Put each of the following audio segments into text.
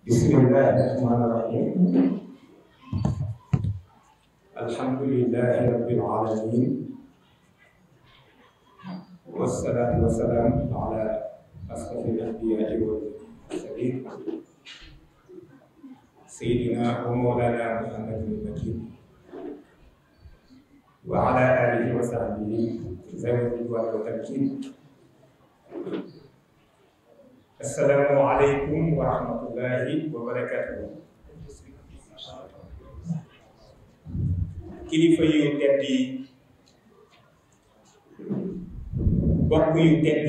bismillaahi rahmaani rahiim alhamdulillaahi rabbil aalamiin wassalaatu wassalaamu alaa ashrafil anbiyaa'i wal mursaliin sayyidinaa wa mawlaanaa Muhammadin al-makiin wa alaa aalihi wa sahbihi zawil jalali wal tamkiin asalaamualeykum wa rahmatullahi wa barakatuhu kilifa yu tedd yi yu tedd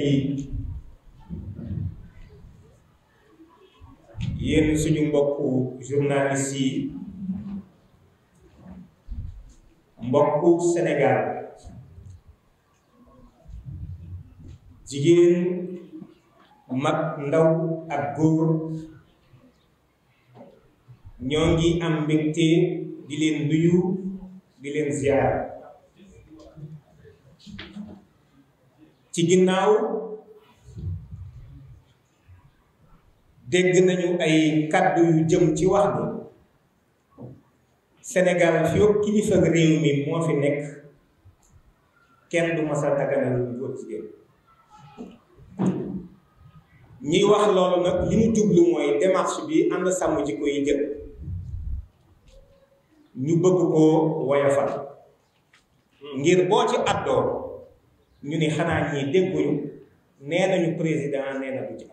yi suñu mbokku journaliste yi mbokku Sénégal jigéen mag ndaw ak góor ñoo ngi am mbégte di leen nuyu di leen ziar ci ginnaaw dégg nañu ay kàddu yu jëm ci wax bi Sénégal fi yëpp kilifa réew mi moo fi nekk kenn du masa daganal góor jigéen ñuy wax loolu nag li ñu jublu mooy démarche bi ànd sàmm jikko yi jël ñu bëgg koo woyofal ngir boo ci àddoo ñu ni xanaa ñii dégguñu nee nañu président nee na du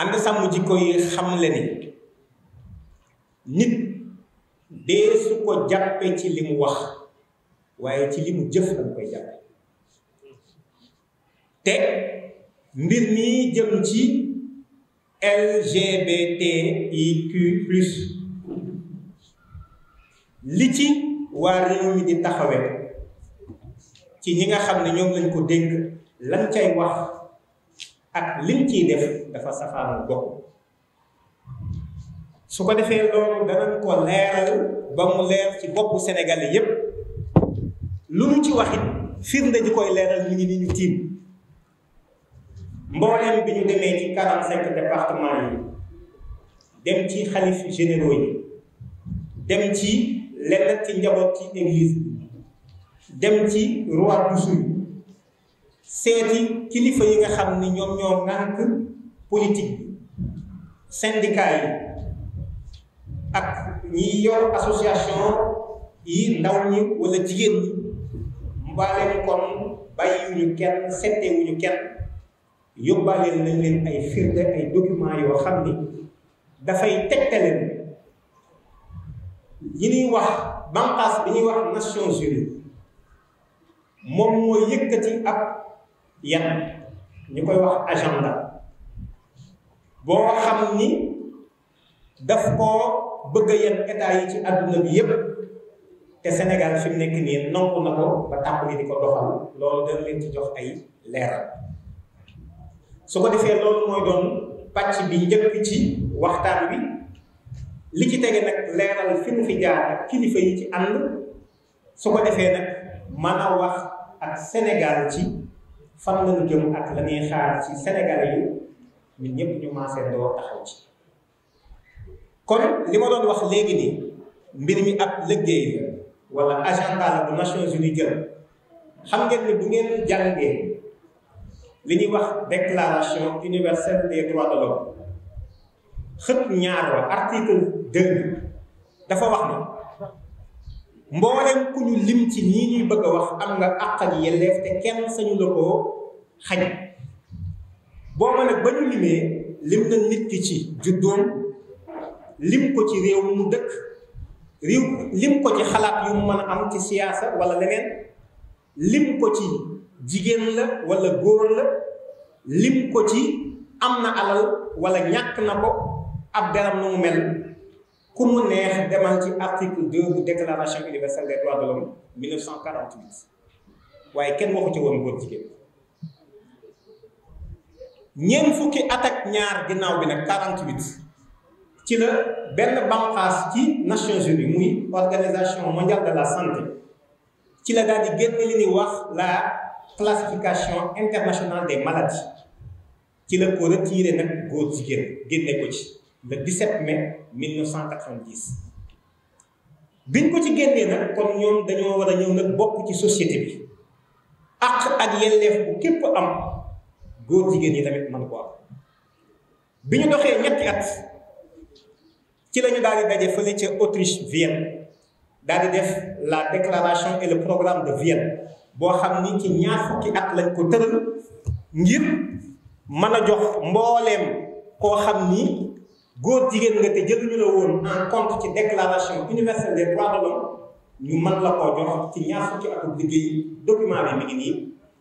ànd sàmm jikko yi xamle ni nit dee su ko jàppe ci li mu wax waaye ci li mu jëf lañ koy jàppe te mbir mi jëm ci LGBTIQ plus li ci waa réew mi di taxawe ci ñi nga xam ne ñoom lañ ko dénk lan cay wax ak liñ ciy def dafa safaanal bokk su ko defee loolu danañ ko leeral ba mu leer ci boppu Sénégalais yépp lu mu ci waxit firnde ji koy leeral yi ngi ni tiim mboolem bi ñu demee ci quarante cinq département yi dem ci xalif généraux yi dem ci lenn ci njaboot ci église dem ci roi du sud seeti kilifa yi nga xam ni ñoom ñoo ŋànk politique syndicat yi ak ñi yor association yi ndaw ñi wala jigéen ñi mbaale kon bàyyiwuñu kenn seetewuñu kenn yóbbaaleel nañ leen ay firnde ay document yoo xam ni dafay tegtaleen yi ñuy wax banqaas bi ñuy wax Nations Unies moom moo yëkkati ab yan ñu koy wax agenda boo xam ni daf koo bëgg a yan état yi ci àdduna bi yépp te Sénégal fi mu nekk nii nangu na ko ba tàmbali di ko doxal loolu dañ leen ci jox ay leeral su ko defee loolu mooy doon pàcc bi njëkk ci waxtaan wi li ci tege nag leeral fi mu fi jaar ak kilifa yi ci ànd su ko defee nag mën a wax ak Sénégal ci fan lañu jëm ak la ñuy xaar ci Sénégal yi ñun ñëpp ñu maase doo taxaw ci kon li ma doon wax léegi nii mbir mi ab liggéey la wala agenda la bu Nations Unies jël xam ngeen ni bu ngeen jàngee li ñuy wax déclaration universelle des droits de l'homme xët ñaar wa article dafa wax ne mboolem ku ñu lim ci nii ñuy bëgg a wax am nga àq ak yelleef te kenn sañu la koo xañ boo ma nag ba ñu limee lim na nit ki ci juddoom lim ko ci réew mu dëkk réew lim ko ci xalaat yu mu mën a am ci siyaasa wala leneen lim ko ci jigéen la wala góor la lip ko ci am na alal wala ñàkk na ko ab garam nu mu mel ku mu neex demal ci article 2 bu déclaration universelle des droits de l'homme 1948 waaye kenn waxu ci woon góor jigéen ñeent fukki at ak ñaar ginnaaw bi nag 48 ci la benn banqaas ci Nations Unies muy organisation mondiale de la santé ci la daal di li ñuy wax la classification internationale des maladies ci la ko retiré nag góor jigéen génne ko ci le 17 mai 1990 biñ ko ci génnee nag kon ñoom dañoo war a ñëw nag bokk ci société bi ak ak yelleef bu képp am góor jigéen yi tamit man ko am bi ñu doxee ñetti at ci la ñu daal di daje fële ca Autriche Vienne daal di def la déclaration et le programme de Vienne boo xam ni ci ñaar fukki at lañ ko tëral ngir mën a jox mbooleem koo xam ni góor jigéen nga te jëluñu la woon en compte ci déclaration universelle des droits de ñu mën la koo jox ci ñaar fukki atum liggéey document bi mi ngi nii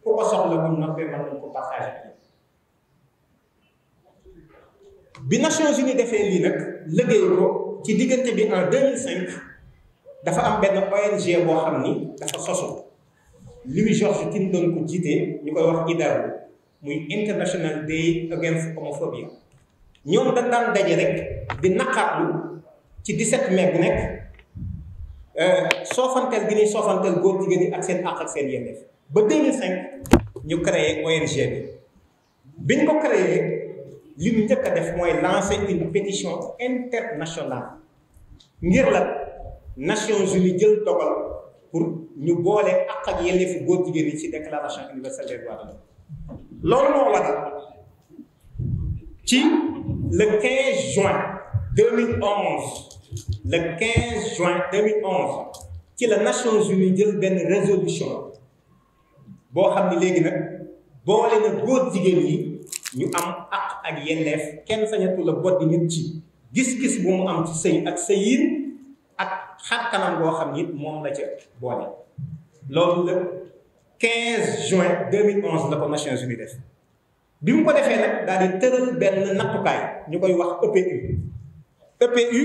ku ko soxla bu noppee mën nañ ko partagé bi Nations Unies defee lii nag liggéey ko ci diggante bi en 2005 dafa am benn ONG boo xam ni dafa sosu Louis George ki doon ko jiitee ñu koy wax IDAHO muy International Day Against Homophobia ñoom dañ daan daje rek di naqaatlu ci 17 mai bu nekk euh, soofanteel gi ni soofanteel góor jigéen ak seen àq ak seen yelleef ba 2005 ñu créé ONG bi biñ ko créé li ñu njëkk a def mooy lancer une pétition internationale ngir la Nations Unies jël dogal pour ñu boole ak ak yelleefu góor jigéen yi ci déclaration universelle des droits de l'homme loolu moo waral ci le 15 juin 2011 le 15 juin 2011 ci la Nations Unies jël benn résolution boo xam ni léegi nag boole na góor jigéen yi ñu am ak ak yelleef kenn sañatu la boddi nit ci gis-gis bu mu am ci sëy ak sëyin ak xar kanam boo xam ni moom la ca boole loolu le 15 juin 2011 la ko Nations Unies def bi mu ko defee nag daal di benn nattukaay ñu koy wax EPU EPU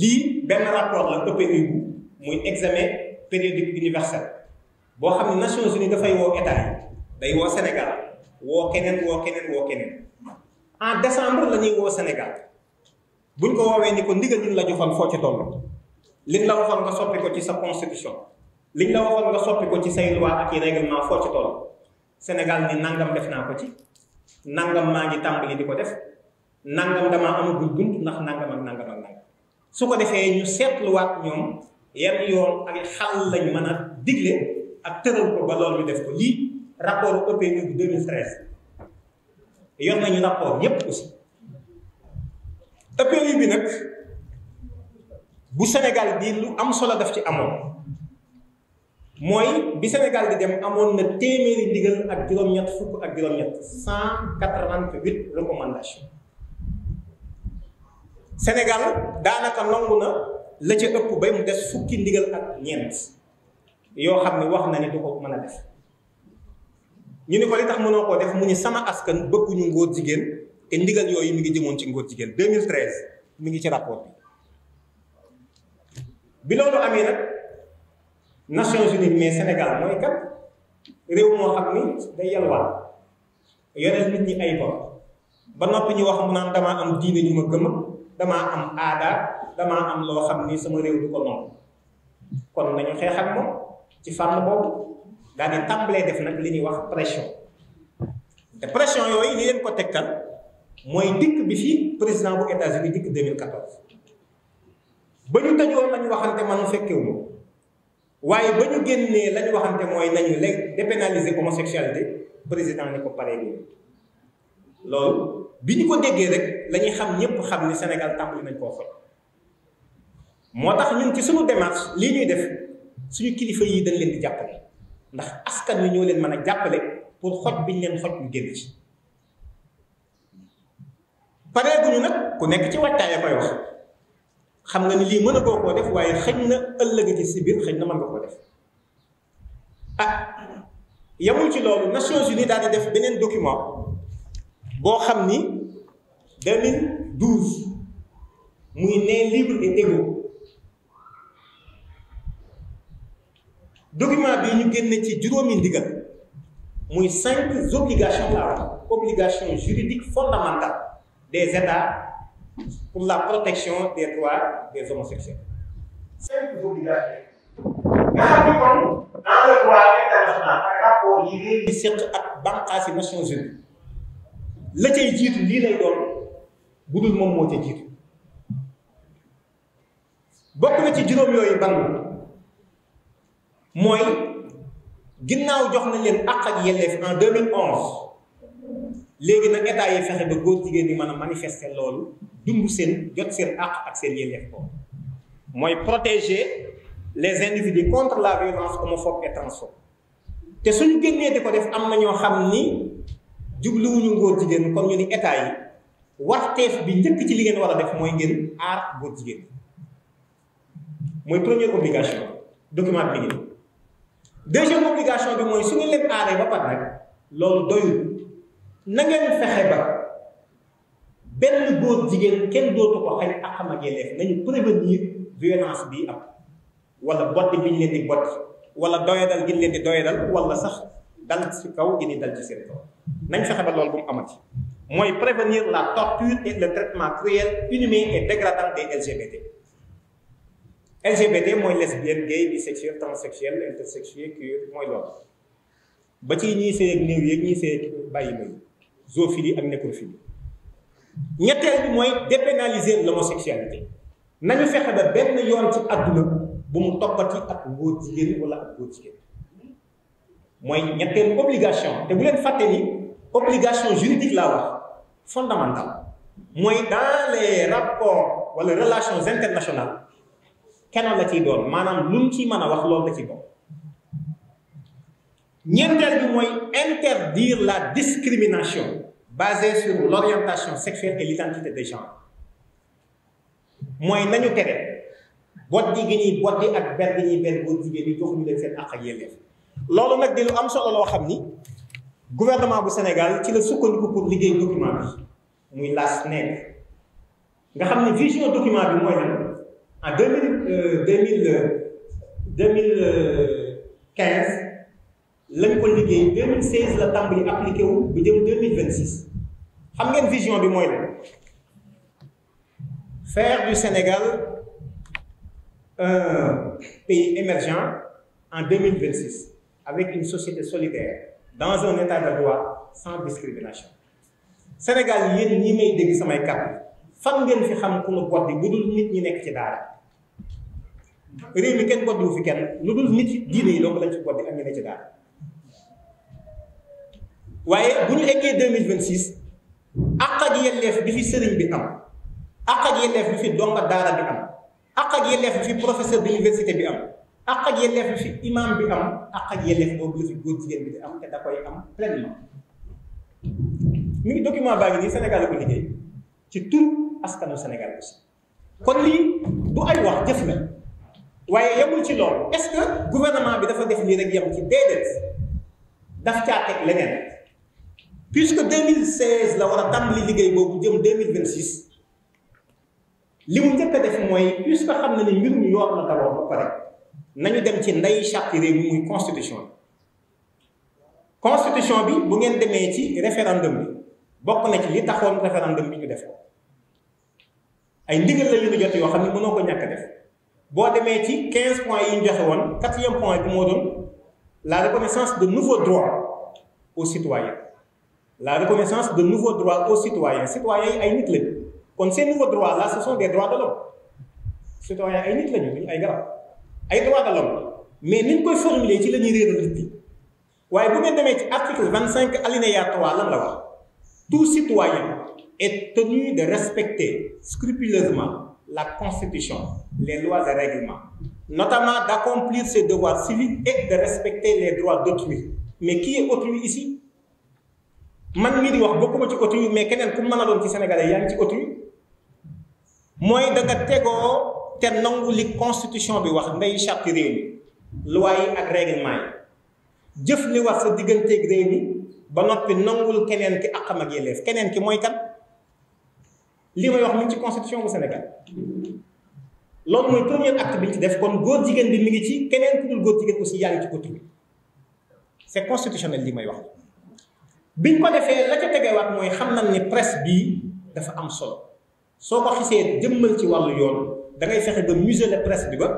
lii benn rapport la EPU bu muy examen périodique universel boo xam ne Nations Unies dafay woo état yi day woo Sénégal woo keneen woo keneen woo keneen en décembre la woo Sénégal bu buñ ko woowee ni ko ndigal liñ la joxoon foo ci toll liñ la waxoon nga soppi ko ci sa constitution liñ la waxoon nga soppi ko ci say loi ak i règlement foo ci toll Sénégal ni nangam def naa ko ci nangam maa ngi tàmbali di ko def nangam damaa amagul bunt ndax nangam ak nangam su ko defee ñu seetluwaat ñoom yan yoon ak xal lañ mën a digle ak tëral ko ba loolu ñu def ko lii rapport OPM bu 2013 yor nañu rapport yépp aussi EPI bi nag bu Sénégal di lu am solo daf ci amoon mooy bi Sénégal di dem amoon na téeméeri ndigal ak juróom-ñett fukk ak juróom-ñett cent quatre-vingt-huit recommandations Sénégal daanaka nangu na la ca ëpp bay mu des fukki ndigal ak ñeent yoo xam ne wax na ne du ko mën a def ñu ni ko li tax mënoo koo def mu ni sama askan bëgguñu ngóor jigéen te ndigal yooyu mu ngi jëmoon ci ngóor jigéen 2013 mi ngi ci rapport bi bi loolu amee nag Nations Unies mais Sénégal mooy kat réew moo xam ni day yalwaan yore nit ñi ay bor ba noppi ñu wax mu naan damaa am diine ñu ma gëm damaa am aada damaa am loo xam ni sama réew du ko noonu kon nañu xeex moom ci fànn boobu daal di tàmbalee def nag li ñuy wax pression te pression yooyu li leen ko tegtal. mooy dikk bi fi président bu États-Unis dikk 2014 ba ñu tëjoon lañu waxante man fekkewuma waaye ba ñu génnee lañu waxante mooy nañu léegi dépénaliser homosexualité président ni ko paree nii loolu bi ñu ko déggee rek lañuy xam ñëpp xam ni Sénégal tàmbali nañ koo xoj moo tax ñun ci suñu démarche lii ñuy def suñu kilifa yi dañ leen di jàppale ndax askan wi ñoo leen mën a jàppale pour xoj biñ leen xoj ñu génn ci pareeguñu nag ku nekk ci waajtaay koy wax xam nga ni lii mën a koo koo def waaye xëñ na ëllëg ci si biir xëñ na mën nga koo def ah yamul ci loolu Nations Unies daal di def beneen document boo xam ni 2012 muy ne libre et égaux document bi ñu génne ci juróomi ndigal muy cinq obligations la obligation juridique fondamentale des États pour la protection des droits des homosexuels. cinq obligations nga xam ak rapport yi réew la cay jiitu lii lay doon bu dul moom moo ca jiitu bokk na ci juróom yooyu ban mooy ginnaaw jox nañ leen àq ak yelleef en léegi nag état yi fexe ba góor jigéen ñi mën a manifester loolu dund seen jot seen àq ak seen yelleef ko mooy protéger les individus contre la violence homophobe et transphobe te suñu génnee di ko def am na ñoo xam ni jubluwuñu ngóor jigéen comme ñu ni état yi warteef bi njëkk ci li ngeen war a def mooy ngeen aar góor jigéen mooy premier obligation document bi ngeen deuxième obligation bi mooy su ngeen leen aaree ba pare rek loolu doyul. na ngeen fexe ba benn góor jigéen kenn dootu ko xañ àqam ak yelleef nañu prévenir violence bii am wala botti bi ñu leen di botti wala doyadal gi ñu leen di doyadal wala sax dal ci kaw gi ni dal ci seen kaw nañ fexe ba loolu bu mu amati mooy prévenir la torture et le traitement cruel inhumain et dégradant des LGBT LGBT mooy lesbienne gay bisexuel transsexuel intersexuel queer mooy loolu ba ci ñiy sëy ak néew yeeg ñiy sëy ak bàyyi ma zoophilie ak nécrophilie ñetteel bi mooy dépénaliser l'homosexualité nañu fexe ba benn yoon ci àdduna bu mu toppati ak ngóor jigéen wala ak góor mooy ñetteel obligation te bu leen fàtte ni obligation juridique laa wax fondamentale mooy dans les rapports wala relations internationales keneen la ciy doon maanaam lu mu ciy mën a wax lool la ci doon ñeenteel bi mooy interdire la discrimination basé sur l'orientation sexuelle et l'identité de genre mooy nañu tere boddi gi ñuy boddi ak benn gi ñuy ber góor jigéen ñi joxuñu leen seen àq ak yelleef loolu nag di lu am solo loo xam ni gouvernement bu Sénégal ci la sukkandiku pour liggéey document bi muy la SNED nga xam ne vision document bi mooy lan en deux mille euh, deux mille euh, deux mille euh, quinze lañ ko liggéey deux mille la tàmbali appliqué wu bu jëm deux mille vingt xam ngeen vision bi mooy lan faire du Sénégal un pays émergent en 2026 avec une société solidaire dans un état de droit sans discrimination Sénégal yéen ñi may dégg samay kàddu fan ngeen fi xam ku nu boddi lu dul nit ñi nekk ci daara réew mi kenn boddiwu fi kenn lu dul nit diine yi donc lañ ci boddi ak ñu ne ci daara waaye bu ñu eggee ak yelleef bi fi sëriñ bi am ak ak yelleef bi fi donga daara bi am ak ak yelleef bi fi professeur bi am ak ak yelleef bi fi imam bi am ak ak yelleef boobu la fi góor jigéen bi di am te da koy am pleinement mu ngi document baa ngi nii Sénégal la ko liggéey ci tur askanu Sénégal aussi kon lii du ay wax jëf la waaye yemul ci loolu est-ce que gouvernement bi dafa def lii rek yem ci déedéet daf caa teg leneen puisque 2016 la war a tàmbali liggéey boobu jëm 2026 li mu njëkk def mooy puisque xam na ne mbir mi yoon na d'abord ba pare nañu dem ci ndey charte réew mi muy constitution bi constitution bi bu ngeen demee ci référendum bi bokk na ci li taxoon référendum bi ñu def ko ay ndigal la yu ñu jot yoo xam ne mënoo ko ñàkk def boo demee ci 15 points yi ñu joxe woon quatrième point bi moo doon la reconnaissance de nouveaux droits aux citoyens la reconnaissance de nouveaux droits aux citoyens citoyens yi ay nit lañu kon ces nouveaux droits là ce sont des droits de l'homme citoyens ay nit lañu duñu ay garab ay droits de l'homme mais niñ koy formuler ci la ñuy réeral nit ñi waaye bu ngeen demee ci article vingt cinq alinéa trois lan la wax tout citoyen est tenu de respecter scrupuleusement la constitution les lois et règlements notamment d'accomplir ses devoirs civiques et de respecter les droits d'autrui mais qui man mii di wax bokkuma ci auto yi mais keneen ku mën a doon ci sénégalais yaa ngi ci auto yi mooy da nga tegoo te nangu li constitution bi wax ndey charte réew mi loi yi ak règlement yi jëf li wax sa digganteeg réew mi ba noppi nangul keneen ki àqam ak yelleef keneen ki mooy kan lii may wax mu ci constitution bu Sénégal loolu mooy premier ak bi ñu ci def kon góor jigéen bi mi ngi ci keneen ku dul góor jigéen aussi yaa ngi ci auto bi c'est constitutionnel li may wax biñ ko defee la ca tegewaat mooy xam nañ ni presse bii dafa am sol soo ko xisee jëmmal ci wàllu yoon da ngay fexe ba museler presse bi ba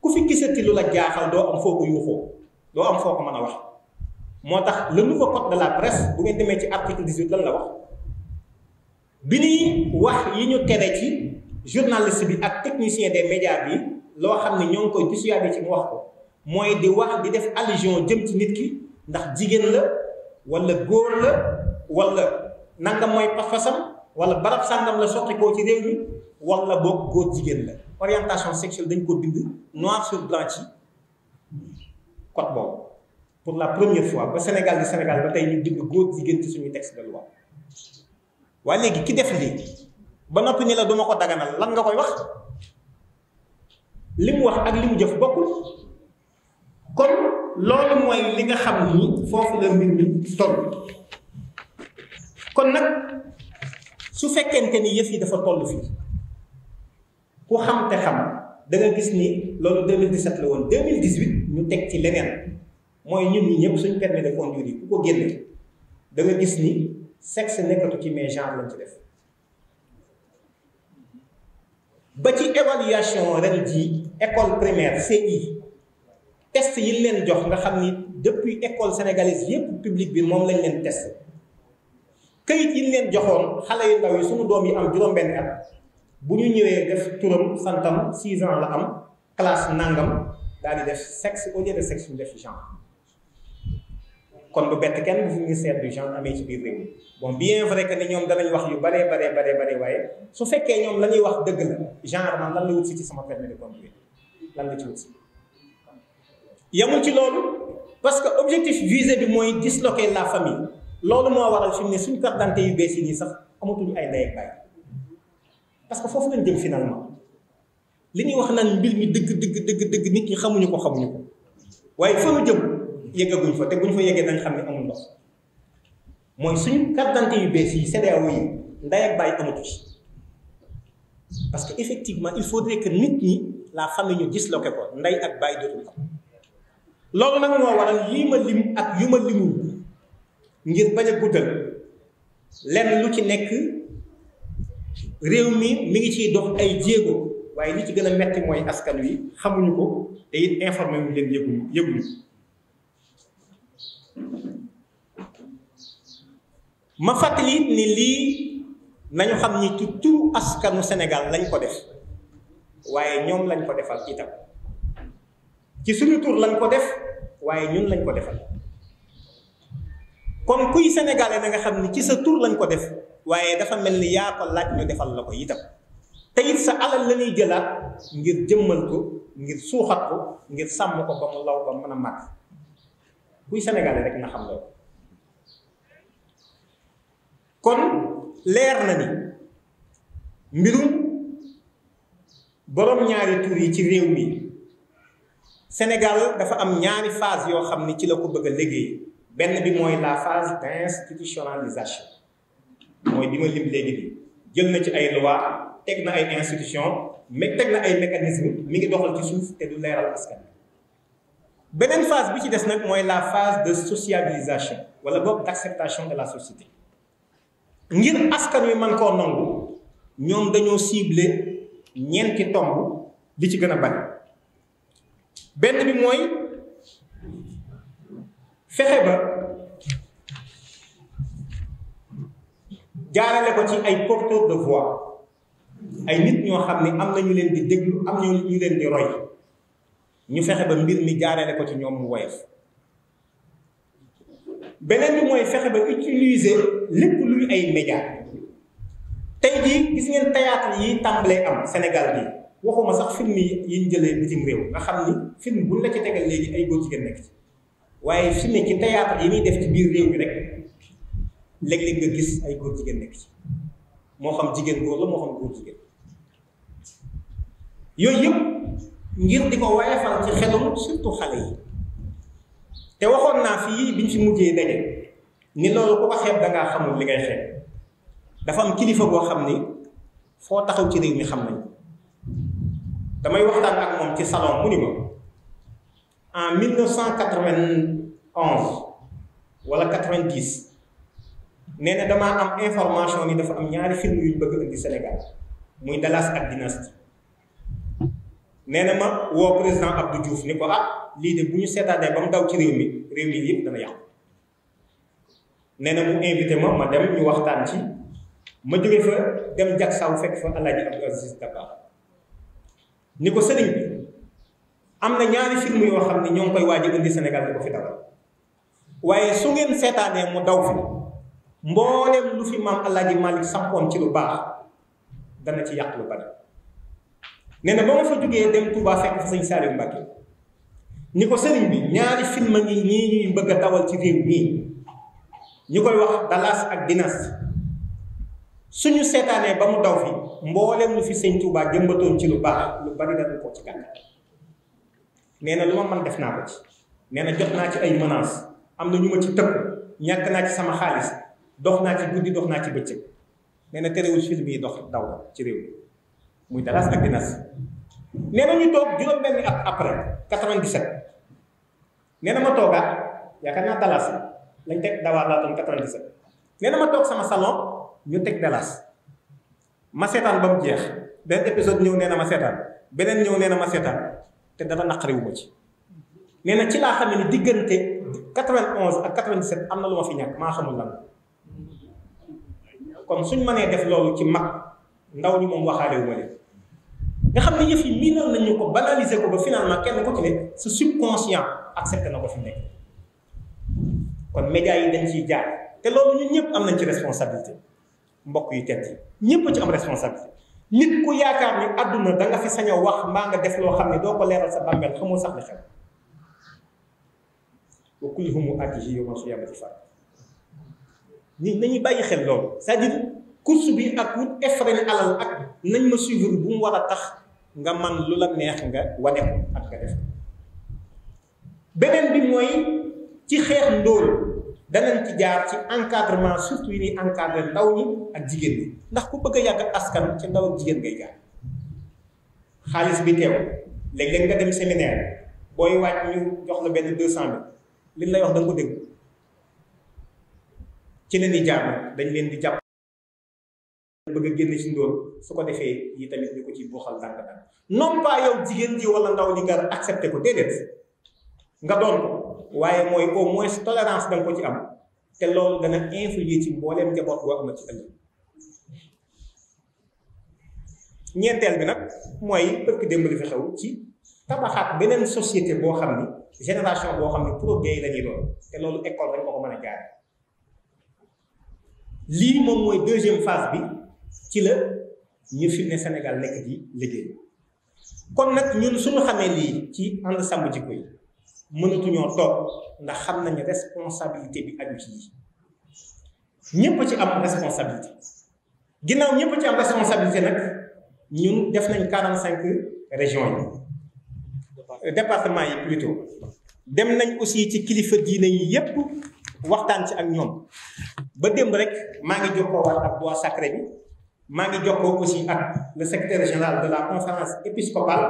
ku fi gisati lu la jaaxal doo am foo ko yuuxoo doo am foo ko mën a wax moo tax le ko code de la presse bu ngeen demee ci article 18 lan la wax bi ñuy wax yi ñu tere ci journaliste bi ak technicien des médias bi loo xam ne ñoo ngi koy dissuader ci mu wax ko mooy di wax di def allusion jëm ci nit ki ndax jigéen la wala góor la wala nangam mooy pas-pasam wala barab sàngam la soqikoo ci réew mi wala boog góor jigéen la orientation sexuelle dañ ko digg noir sur blanc ci code boobu pour la première fois ba Sénégal di Sénégal ba tey ñu bind góor jigéen ci suñuy texte de loi waaye léegi ki def lii ba noppi ni la duma ko daganal lan nga koy wax li mu wax ak li mu jëf bokkul kon loolu mooy li nga xam ni foofu la mbir mi toll kon nag su fekkente ni yëf yi dafa toll fii ku xam te xam da gis ni loolu 2017 la woon 2018 ñu teg ci leneen mooy ñun ñi ñëpp suñ permis de conduire yi ku ko génne da nga gis ni sexe nekkatu ci mais genre la ci def ba ci évaluation ren jii école primaire CI test yi leen jox nga xam ni depuis école sénégalaise yépp public bi moom lañ leen test këyit yi leen joxoon xale yu ndaw yi suñu doom yi am juróom-benn at bu ñu ñëwee def turam santam 6 ans la am classe nangam daal di def sexe au lieu de sexe ñu def genre kon du bett kenn bu fi ministère du genre amee ci biir réew mi bon bien vrai que ni ñoom danañ wax yu baree baree baree baree waaye su fekkee ñoom la ñuy wax dëgg la genre man lan la wut si ci sama permis de conduire lan la ci si yamul ci loolu parce que objectif visé bi mooy disloquer la famille loolu moo waral fi ne suñ carte yu bees yi nii sax amatuñu ay ndey ak baay parce que foofu lañ jëm finalement li ñuy wax naan mbir mi dëgg dëgg dëgg dëgg nit ñi xamuñu ko xamuñu waaye fa jëm yeggaguñ fa te buñ fa yeggee dañ xam ne amul ndox mooy suñu carte yu bees yi CEDEAO yi ndey parce que effectivement il faudrait que nit ñi laa famille ñu disloqué ko ndey ak baay dootul ko loolu nag moo waral yii ma lim ak yu ma limul ngir bañ a guddal lenn lu ci nekk réew mi mi ngi ciy dox ay jéego waaye li ci gën a metti mooy askan wi xamuñu ko te it informé wu leen yëguñu yëguñu ma fàttali ni lii nañu xam ni ci turu askanu senegal lañ ko def waaye ñoom lañ ko defal itam ci suñu tur lañ ko def waaye ñun lañ ko defal kon kuy sénégalais na nga xam ni ci sa tur lañ ko def waaye dafa mel ni yaa ko laaj ñu defal la ko itam te sa alal la ñuy ngir jëmmal ko ngir suuxat ko ngir sàmm ko ba mu law ba mën a màgg kuy sénégalais rek na xam loolu kon leer na ni mbirum borom ñaari tur yi ci réew mi Sénégal dafa am ñaari phase yoo xam ni ci la ko bëgg a benn bi mooy la phase d'institutionnalisation mooy bi ma lim léegi bi jël na ci ay loi teg na ay institution mais teg na ay mécanisme mi ngi doxal ci suuf te du leeral askan beneen phase bi ci des nag mooy la phase de sociabilisation wala boog d'acceptation de la société ngir askan wi mën koo nangu ñoom dañoo ciblé ñeenti tomb li ci gën a bari benn bi mooy fexe ba jaarale ko ci ay porteurs de voix ay nit ñoo xam ne am na ñu leen di déglu am na ñu leen di roy ñu fexe ba mbir mi jaarale ko ci ñoom mu woyof beneen bi mooy fexe ba utiliser lépp luy ay média tey jii gis ngeen théâtre yi tàmbalee am Sénégal bi waxuma sax film yi ñu jëlee bitim réew nga xam ni film buñ la ci tegal léegi ay góor jigéen nekk ci waaye film ci théâtre yi ñuy def ci biir réew mi rek léeg-léeg nga gis ay góor jigéen nekk ci moo xam jigéen góor la moo xam góor jigéen yooyu ngir di ko woyofal ci xelum surtout xale yi te waxoon naa fii biñ fi mujjee daje ni loolu ku ko xeeb da xamul li ngay xeeb dafa am kilifa boo xam ni foo taxaw ci réew mi xam nañ damay waxtaan ak moom ci salon mu ni ma en walla wala 90 nee na damaa am information ni dafa am ñaari film yu ñu bëgg indi Sénégal muy Dallas ak Dynasty nee na ma woo président Abdou Diouf ni ko ah lii de bu ñu seetaanee ba mu daw ci réew mi réew mi yëpp dana yàqu nee na mu invité ma ma dem ñu waxtaan ci ma jóge fa dem Jaksaaw fekk fa Alaaji Abdou Aziz Dabakh ni ko sëriñ am na ñaari film yoo xam ne ñoo ngi koy waaj a indi di ko fi dawal waaye su ngeen seetaanee mu daw fi mboolem lu fi maam El Hadj Malick sampoon ci lu baax dana ci yàq lu bari. nee na ba ma fa jógee dem Touba fekk fa sëñ Saliou Mbacke ñi ko sëriñ bi ñaari film ngi ñii ñuy bëgg a dawal ci réew mii ñu koy wax Dallas ak Dinas suñu seetaanee ba mu daw fi mboolem lu fi sëñ Touba jëmbatoon ci lu baax lu bari dana ko ci gàncax. nee na lu ma mën def naa ko ci nee na naa ci ay menaces am na ñu ma ci tëkku ñàkk naa ci sama xaalis dox naa ci guddi dox naa ci bëccëg nee na terewul film yi dox daw ci réew muy Dallas ak Dinaas nee na ñu toog juróom-benni at après 97 nee na ma toogaat yaakaar naa Dallas lañ teg dawaa daatoon 97 nee na ma toog sama salon ñu teg Dallas ma seetaan ba mu jeex benn épisode ñëw nee na ma seetaan beneen ñëw nee na ma seetaan. te dara naqariwu ma ci nee na ci laa xam ne diggante 91 ak 97 am na lu ma fi ñàkk maa xamul lan kon suñ nee def loolu ci mag ndaw ñi moom waxaale wu ma nga xam ne yëf yi miinal nañu ko banaliser ko ba finalement kenn ko ci ne su subconscient accepté na ko fi nekk kon médias yi dañ ciy jaar te loolu ñun ñëpp am nañ ci responsabilité mbokk yu tedd yi ñëpp ci am responsabilité. nit ku yaakaar ni àdduna da nga fi sañ wax maa nga def loo xam ne doo ko leeral sa bàmmeel xamoo sax li xew wa kulluhum aatiihi yawmal qiyaamati fardan nit nañuy bàyyi xel loolu c'est-à-dire bi ak wut effréné alal ak nañ ma suivre bu mu war a tax nga man lu la neex nga wane ak nga def beneen bi mooy ci xeex ndóol danañ ci jaar ci encadrement surtout yi ñuy encadré ndaw ñi ak jigéen ñi ndax ku bëgg a yàgg askan ci ndaw jigéen ngay jaar xaalis bi teew léegi léeg nga dem séminaire booy wàcc ñu jox la benn deux cent mille liñ lay wax da ko dégg ci leen di jaar dañ leen di jàpp bëgg a génn ci su ko defee yi tamit ñu ko ci booxal dànk dànk jigéen ji wala ndaw li nga accepté ko déedéet nga doon ko waaye mooy au moins tolérance danga ko ci am te loolu dana influer ci mbooleem njaboot boo am na ci ëllëg ñeenteel bi nag mooy ëpp démb li fi xew ci tabaxaat beneen société boo xam ni génération boo xam ni pour gay la ñuy doon te loolu école rek ko ko mën a jaar lii moom mooy deuxième phase bi ci la ñu fi ne Sénégal nekk di liggéey kon nag ñun suñu xamee lii ci ànd sàmm jikko yi mënatuñoo toog ndax xam nañu responsabilité bi aju ci yi ñëpp ci am responsabilité ginnaaw ñëpp ci am responsabilité nag ñun def nañ quarante cinq région yi département yi plutôt dem nañ aussi ci kilifa diine yi yépp waxtaan ci ak ñoom ba démb rek maa ngi jokkoo waat ak bois sacré bi maa ngi jokkoo aussi ak le secrétaire général de la conférence épiscopale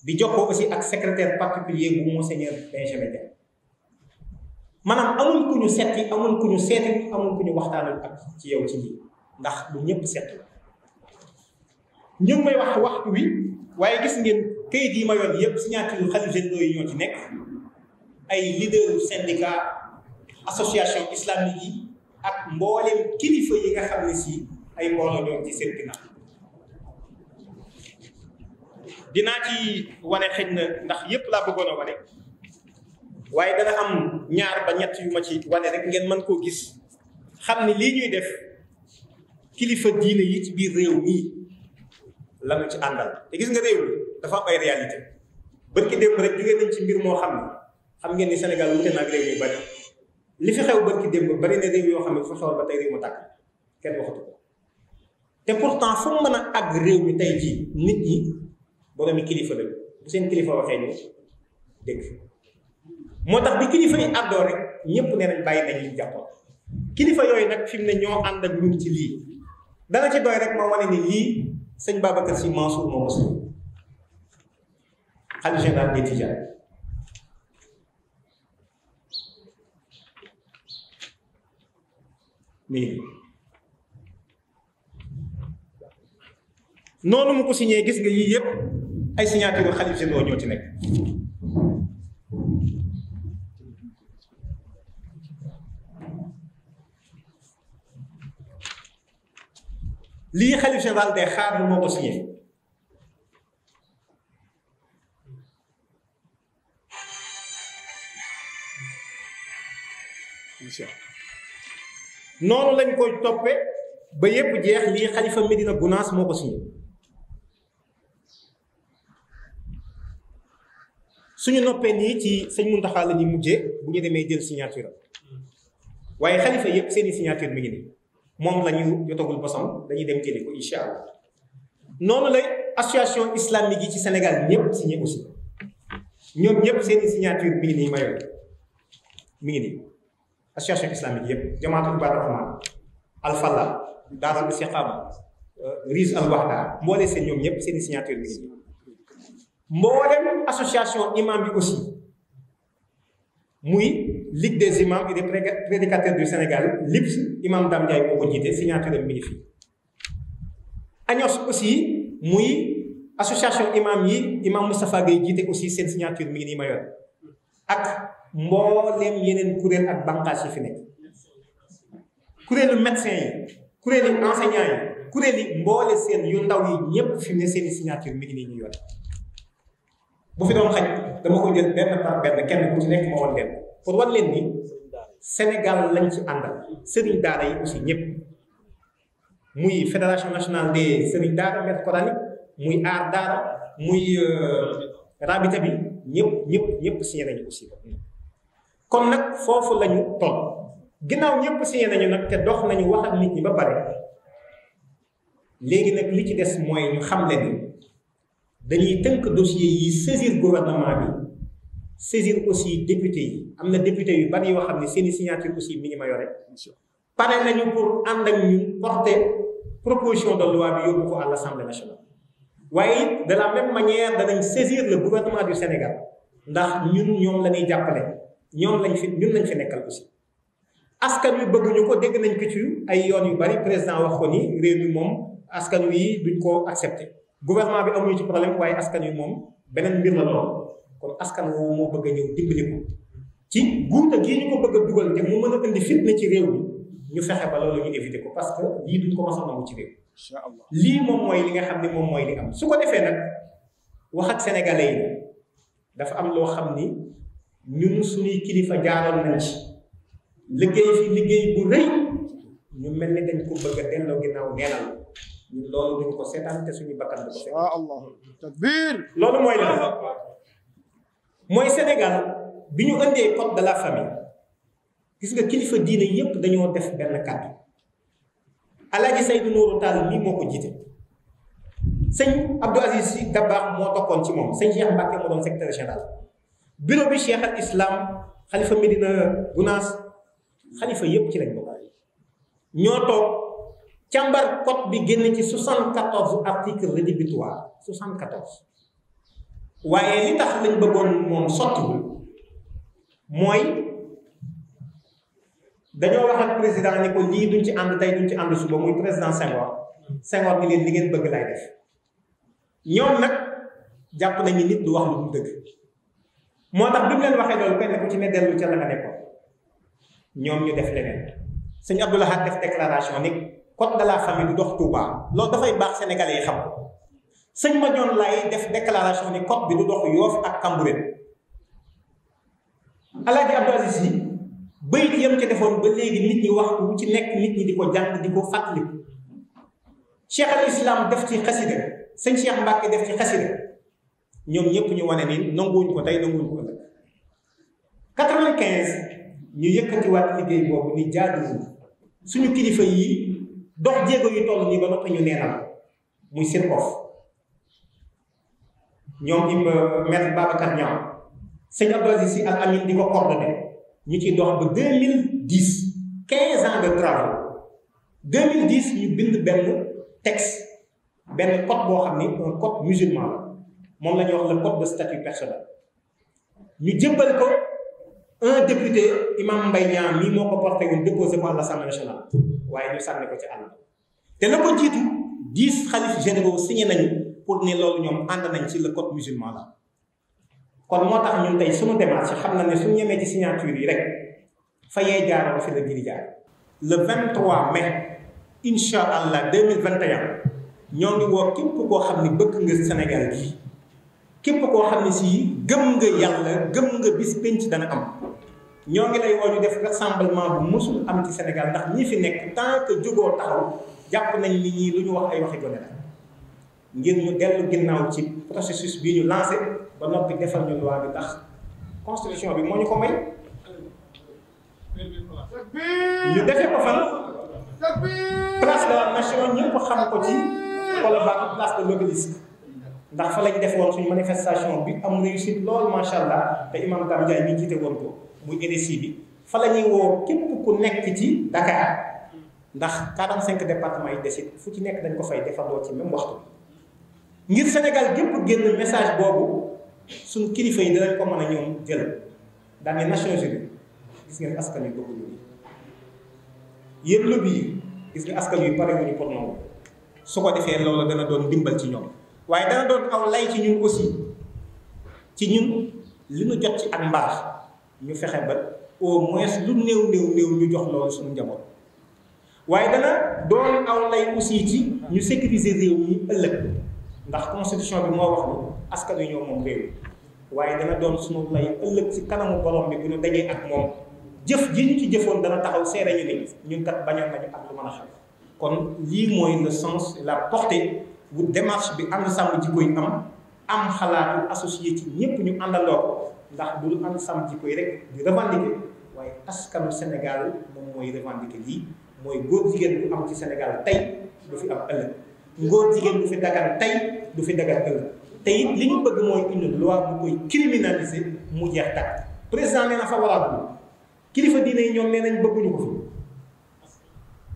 di jokkoo aussi ak secretaire particulier bu monseigneur Benjamin Dème maanaam amul ku ñu setti amul ku ñu seeti amul ku ñu waxtaanal ak ci yow ci lii ndax lu ñëpp set la ñu ngi may wax waxtu wi waaye gis ngeen kayit yi ma yoon yëpp signature xalifa généraux yi ñoo ci nekk ay leader syndicat association islamique yi ak mboolem kilifa yi nga xam ne si ay mbooloo ci seen ginnaaw dinaa ci wane xëñ na ndax yépp laa bëggoon a wane waaye dana am ñaar ba ñett yu ma ci wane rek ngeen mën koo gis xam ne lii ñuy def kilifa diine yi ci biir réew mii lanu ci àndal te gis nga réew mi dafa am ay réalité bërki démb rek jógee nañ ci mbir moo xam ne xam ngeen ni Sénégal réew yu bari li fi xew bërki démb bari na réew yoo xam ne fa xewal ba tey réew mu tàkk kenn waxatu ko te pourtant fu mën a àgg réew mi tey jii nit ñi boroomi kilifa lañu bu seen kilifa waxee ñu dégg moo tax bi kilifa yi àddoo rek ñëpp ne nañ bàyyi nañ liñ jàppoon kilifa yooyu nag fi mu ne ñoo ànd ak ñun ci lii dana ci doy rek ma wane ni lii sëñ Babacar Sy Mansour moo ko suñu xalifa général des Tidianes noonu mu ko signé gis nga yii yëpp ay signature xalif généraux ñoo ci nekk lii xalif général day xaar lu moo ko signé noonu lañ koy toppe ba yépp jeex lii xalifa Medina Gounass moo ko signé suñu noppee nii ci sëñ Muntaxa la ñuy mujjee bu ñu demee jël signature waaye xalifa yëpp seeni signature mi ngi nii moom la ñu jotagul bosam dañuy dem jëli ko incha allah noonu la association islamique yi ci Sénégal ñëpp signé aussi ñoom ñëpp seeni signature mi ngi nii mayoon mi ngi nii association islamique yëpp jamaatul Ibaadu Rahmaan Alfala Daarul Istiqaama Riis al Wahda mboolee seen ñoom ñëpp seeni signature mi ngi nii mboolem association imam bi aussi muy ligue des imams et des prédicateurs du Sénégal LIPS imam Dame Ndiaye moo ko jiite signature am ngi fi ANOS aussi muy association imam yi imam Moustapha Gueye jiite aussi seen signature mi ngi nii ma yor ak mboolem yeneen kuréel ak bànqaas yi fi nekk kuréelu médecin yi kuréelu enseignant yi kuréel yi mboole seen yu ndaw yi ñëpp fi mu ne i signature mi ngi nii ñu yor bu fi doon xaj dama ko jël benn par benn kenn ku ci nekk ma wan leen pour wan leen ni Sénégal lañ ci àndal sëriñ daara yi aussi ñëpp muy fédération nationale des sëriñ daara maître coranique muy aar daara muy euh, rabita bi ñëpp ñëpp ñëpp signé si aussi kon nag foofu lañu toll ginnaaw ñëpp signé nañu nag te dox nañu wax ak nit ñi ba pare léegi nag li ci des mooy ñu xam leen dañuy tënk dossier yi saisir gouvernement bi saisir aussi député yi am na député yu bari yoo xam ne seen i signature aussi mi ngi ma yore pare nañu pour ànd ak ñun porter proposition de loi bi yóbbu ko à l'Assemblée nationale waaye de la même manière danañ saisir le gouvernement du Sénégal ndax ñun ñoom la ñuy jàppale ñoom lañ fi ñun lañ fi nekkal aussi askan wi bëgguñu ko dégg nañ ko ci ay yoon yu bari président wax ko ni réew mi moom askan wi duñ ko accepté gouvernement bi amuñu ci problème waaye askan wi moom beneen mbir la lool kon askan woowu moo bëgg a ñëw dimbali ko ci guuta gii ñu ko bëgg a dugal te mu mën a indi fitna ci réew mi ñu fexe ba loolu ñu éviter ko parce que lii duñ ko mos a nangu ci réew. lii moom mooy li nga xam ne moom mooy li am su ko defee nag wax ak sénégalais yi dafa am loo xam ni ñun suñuy kilifa jaaroon nañ ci liggéey fi liggéey bu rëy ñu mel ni dañ ko bëgg a delloo ginnaaw neenal ñun loolu duñ ko seetaan te suñu bakkan du ko seetaan. waaw allah takbir loolu mooy la mooy Sénégal bi ñu indee pot de la famille gis nga kilifa diine yépp dañoo def benn kàddu Alaaji Seydou Nourou Tall mii moo ko jiite sëñ Abdou Aziz Sy Dabakh moo tokkoon ci moom sëñ Cheikh Mbacke moo doon secrétaire général bureau bi Cheikh al Islam xalifa Medina Gounass xalifa yépp ci lañ bokk ñoo toog. càmbar code bi génn ci 74 articles rédhibitoires 74 waaye li tax lañ bëggoon moom sottiwul mooy dañoo wax ak président ni ko lii duñ ci ànd tey duñ ci ànd suba muy président Senghor Senghor ni leen li ngeen bëgg lay def ñoom nag jàpp nañu nit du wax lu dul dëgg moo tax bi mu leen waxee loolu kenn ku ci ne dellu ca la nga nekkoon ñoom ñu def leneen sëñ Abdoulaye def déclaration ni. code de la famille du dox Touba loolu dafay baax sénégalais xam ko sëñ Madior Laye def déclaration ni code bi du dox Yoff ak Cambérène Alaaji Abdou yi bayit yam ca defoon ba léegi nit ñi wax wu ci nekk nit ñi di ko jàng di ko fàttali cheikh al islam def ci xasida sëñ Cheikh Mbacke def ci xasida ñoom ñëpp ñu wane ni nanguwuñ ko tey nanguwuñ ko ëllëg quatre-vingt-quinze ñu yëkkatiwaat liggéey boobu ni jaaduwul suñu kilifa yi dox jéego yi toll nii ba noppi ñu neenal muy sirkof ñoom im euh, maître Babacar Niang sëñ Abdou Aziz Al Amine di ko coordonné ñu ci dox ba deux mille dix quinze ans de travaux deux mille dix ñu bind benn texte benn code boo xam ni un code musulman moom lañu ñuy wax le code de statut personnel ñu jëbbal ko un député Imam Mbaye Niang mii moo ko porté woon déposé par l'Assemblée nationale waaye ñu sànni ko ci àll te la ko jiitu dix xalif généraux signé nañu pour ni loolu ñoom ànd nañ ci la code musulman la kon moo tax ñun tey suñu démarche xam na ne suñu ñemee ci signature yi rek fa yee jaaroo fi la giri jaar le 23 mai incha allah 2021 ñoo ngi woo képp koo xam ni bëgg nga Sénégal gi képp koo xam ne si gëm nga yàlla gëm nga bis penc dana am ñoo ngi lay woo ñu def rassemblement bu musul am ci Sénégal ndax ñii fi nekk tant que jógoo taxaw jàpp nañ ni ñii lu ñu wax ay waxi gone la ngir ñu dellu ginnaaw ci processus bii ñu lancé ba noppi defal ñu loi bi ndax constitution bi moo ñu ko may. ñu defee ko fan. place de la nation xam ko ci Colobane place de l'Obélisque ndax fa lañ def woon suñu manifestation bi am réussite lool macha allah te imam Dame Ndiaye ñu jiite woon ko. muy NSI bi fa la ñuy woo képp ku nekk ci Dakar ndax 45 départements yi desit fu ci nekk dañ ko fay defandoo ci même waxtu ngir Sénégal gépp génn message boobu suñ kilifa yi danañ ko mën a ñoom jël dana ne Nations Unies gis ngeen askan yu bëgguñu bi yëpp lobby yi gis nga askan yu pare ñu pour nangu su ko defee loolu dana doon dimbal ci ñoom waaye dana doon aw lay ci ñun aussi ci ñun li ñu jot ci ak mbaax ñu fexe ba au moins lu néew néew néew ñu jox loolu suñu njaboot waaye dana doon aw lay aussi ci ñu sécuriser réew mi ëllëg ndax constitution bi moo wax ni askan wi ñoo moom réew waaye dana doon suñu lay ëllëg ci kanamu borom bi bu ñu dajee ak moom jëf ji ñu ci jëfoon dana taxaw seede ñu ne ñun kat nañu ak lu mën a xam kon lii mooy le sens la portée bu démarche bi ànd sàmm jikko yi am am xalaatu associé ci ñëpp ñu àndandoo ko ndax dul am sam jikko yi rek di revendiquer waaye askanu Sénégal moom mooy revendiquer lii mooy góor jigéen bu am ci Sénégal tey du fi am ëllëg ngóor jigéen du fi dagan tey fi dagan li ñu bëgg mooy une loi bu koy criminaliser mu jeex tàkk président na favorable kilifa diine yi ñoom nee nañ bëgguñu ko fi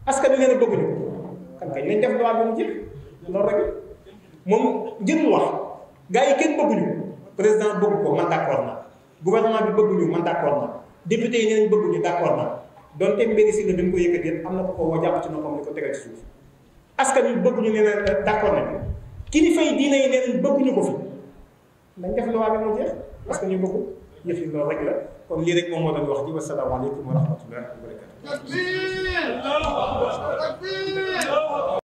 askan wi nee na bëgguñu def loi bi mu jeex loolu rek moom jënd wax gaa yi kenn bëgguñu président bëgg ko man d'accord naa gouvernement bi bëgguñu man d' accord na député yi neenañ bëgguñu d' accord na donte mbiri si la dañ ko yëkkati yéen am na ko ko woo jàpp ci noppam ni ko tegal ci suuf askan wi bëgguñu nee na d' kilifa yi diine yi neenañ bëgguñu ko fi dañ def loi bi mu jeex parce que ñu bëggu yëf yi loolu rek la kon lii rek moom moo doon wax di wasalaamaaleykum wa rahmatulah wa barakatu